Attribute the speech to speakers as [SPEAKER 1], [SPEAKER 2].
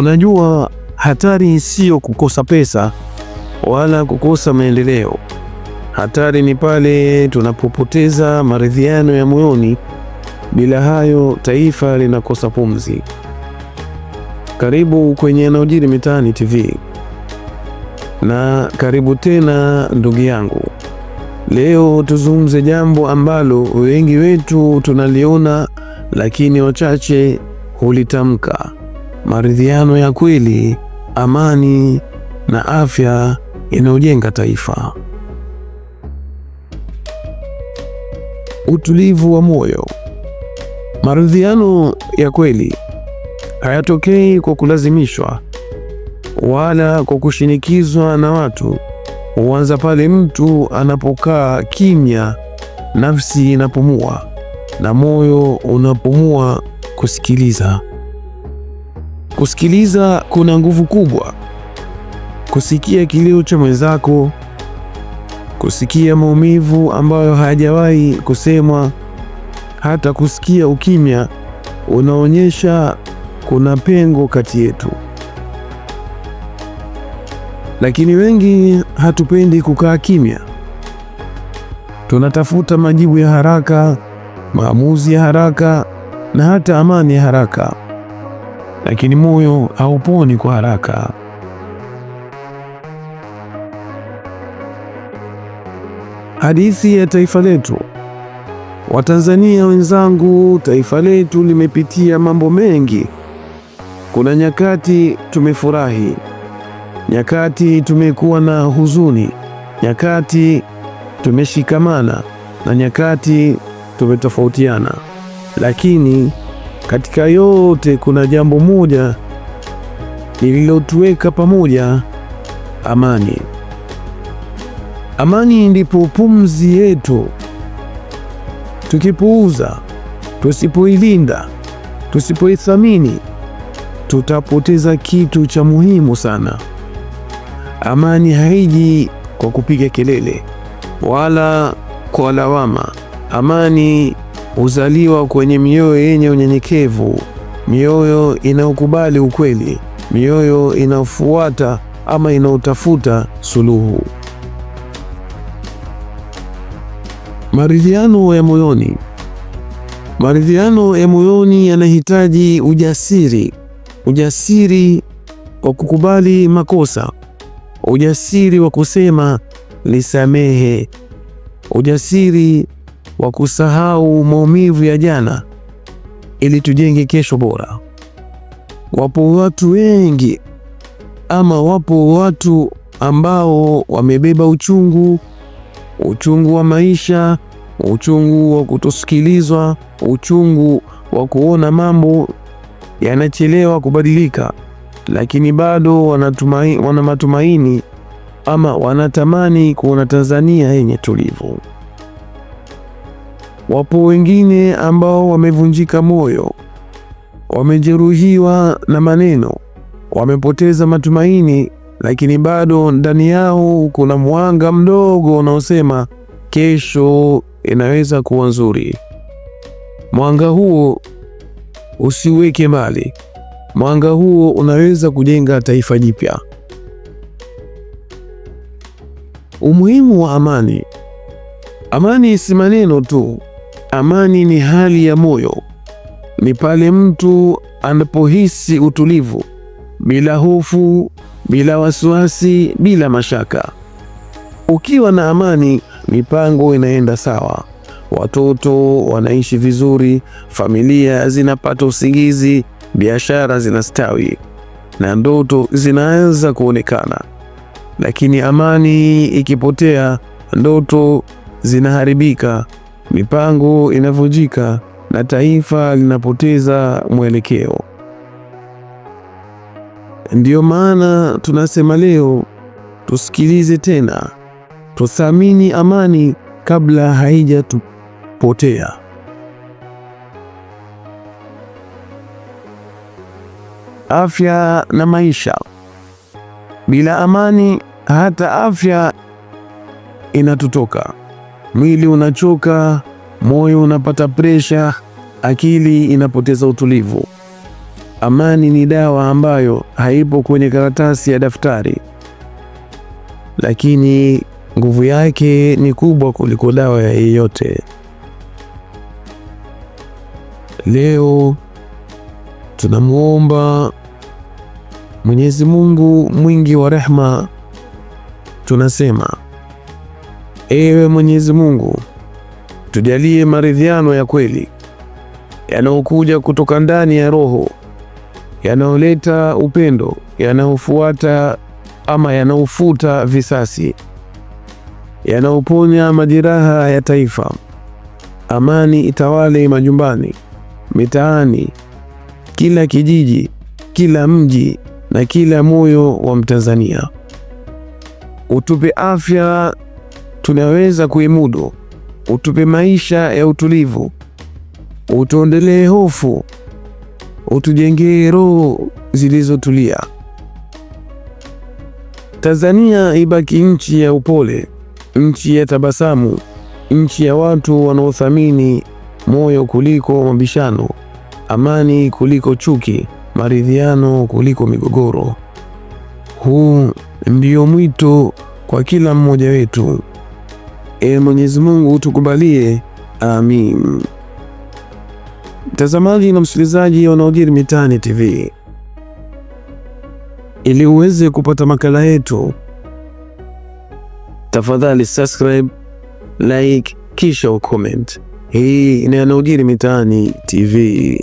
[SPEAKER 1] Unajua, hatari siyo kukosa pesa wala kukosa maendeleo. Hatari ni pale tunapopoteza maridhiano ya moyoni. Bila hayo, taifa linakosa pumzi. Karibu kwenye Yanayojiri Mitaani TV na karibu tena ndugu yangu. Leo tuzungumze jambo ambalo wengi wetu tunaliona, lakini wachache hulitamka maridhiano ya kweli, amani na afya inayojenga taifa. Utulivu wa moyo. Maridhiano ya kweli hayatokei kwa kulazimishwa wala kwa kushinikizwa na watu. Huanza pale mtu anapokaa kimya, nafsi inapumua na moyo unapumua kusikiliza. Kusikiliza kuna nguvu kubwa. Kusikia kilio cha mwenzako, kusikia maumivu ambayo hayajawahi kusemwa, hata kusikia ukimya unaonyesha kuna pengo kati yetu. Lakini wengi hatupendi kukaa kimya. Tunatafuta majibu ya haraka, maamuzi ya haraka na hata amani ya haraka lakini moyo hauponi kwa haraka. Hadithi ya taifa letu. Watanzania wenzangu, taifa letu limepitia mambo mengi. Kuna nyakati tumefurahi, nyakati tumekuwa na huzuni, nyakati tumeshikamana na nyakati tumetofautiana, lakini katika yote kuna jambo moja lililotuweka pamoja, amani. Amani ndipo pumzi yetu. Tukipuuza, tusipoilinda, tusipoithamini, tutapoteza kitu cha muhimu sana. Amani haiji kwa kupiga kelele wala kwa lawama. Amani huzaliwa kwenye mioyo yenye unyenyekevu, mioyo inayokubali ukweli, mioyo inayofuata ama inayotafuta suluhu. Maridhiano ya moyoni. Maridhiano ya moyoni yanahitaji ujasiri, ujasiri wa kukubali makosa, ujasiri wa kusema nisamehe, ujasiri wa kusahau maumivu ya jana ili tujenge kesho bora. Wapo watu wengi ama wapo watu ambao wamebeba uchungu, uchungu wa maisha, uchungu wa kutosikilizwa, uchungu wa kuona mambo yanachelewa kubadilika, lakini bado wana matumaini ama wanatamani kuona Tanzania yenye tulivu. Wapo wengine ambao wamevunjika moyo, wamejeruhiwa na maneno, wamepoteza matumaini, lakini bado ndani yao kuna mwanga mdogo unaosema kesho inaweza kuwa nzuri. Mwanga huo usiweke mbali, mwanga huo unaweza kujenga taifa jipya. Umuhimu wa amani. Amani si maneno tu Amani ni hali ya moyo, ni pale mtu anapohisi utulivu bila hofu, bila wasiwasi, bila mashaka. Ukiwa na amani, mipango inaenda sawa, watoto wanaishi vizuri, familia zinapata usingizi, biashara zinastawi na ndoto zinaanza kuonekana. Lakini amani ikipotea, ndoto zinaharibika, mipango inavunjika na taifa linapoteza mwelekeo. Ndiyo maana tunasema leo, tusikilize tena, tuthamini amani kabla haijatupotea. Afya na maisha. Bila amani, hata afya inatutoka mwili unachoka, moyo unapata presha, akili inapoteza utulivu. Amani ni dawa ambayo haipo kwenye karatasi ya daftari, lakini nguvu yake ni kubwa kuliko dawa ya yeyote. Leo tunamwomba Mwenyezi Mungu mwingi wa rehema, tunasema Ewe Mwenyezi Mungu, tujalie maridhiano ya kweli yanayokuja kutoka ndani ya roho, yanayoleta upendo, yanayofuata ama yanayofuta visasi, yanayoponya majeraha ya taifa. Amani itawale majumbani, mitaani, kila kijiji, kila mji na kila moyo wa Mtanzania. Utupe afya tunaweza kuimudu. Utupe maisha ya utulivu, utuondelee hofu, utujengee roho zilizotulia. Tanzania ibaki nchi ya upole, nchi ya tabasamu, nchi ya watu wanaothamini moyo kuliko mabishano, amani kuliko chuki, maridhiano kuliko migogoro. Huu ndio mwito kwa kila mmoja wetu. Ee Mwenyezi Mungu utukubalie, amin. Mtazamaji na msikilizaji yanayojiri mitaani TV, ili uweze kupata makala yetu, tafadhali subscribe, like, kisha ucomment. Hii ni yanayojiri mitaani TV.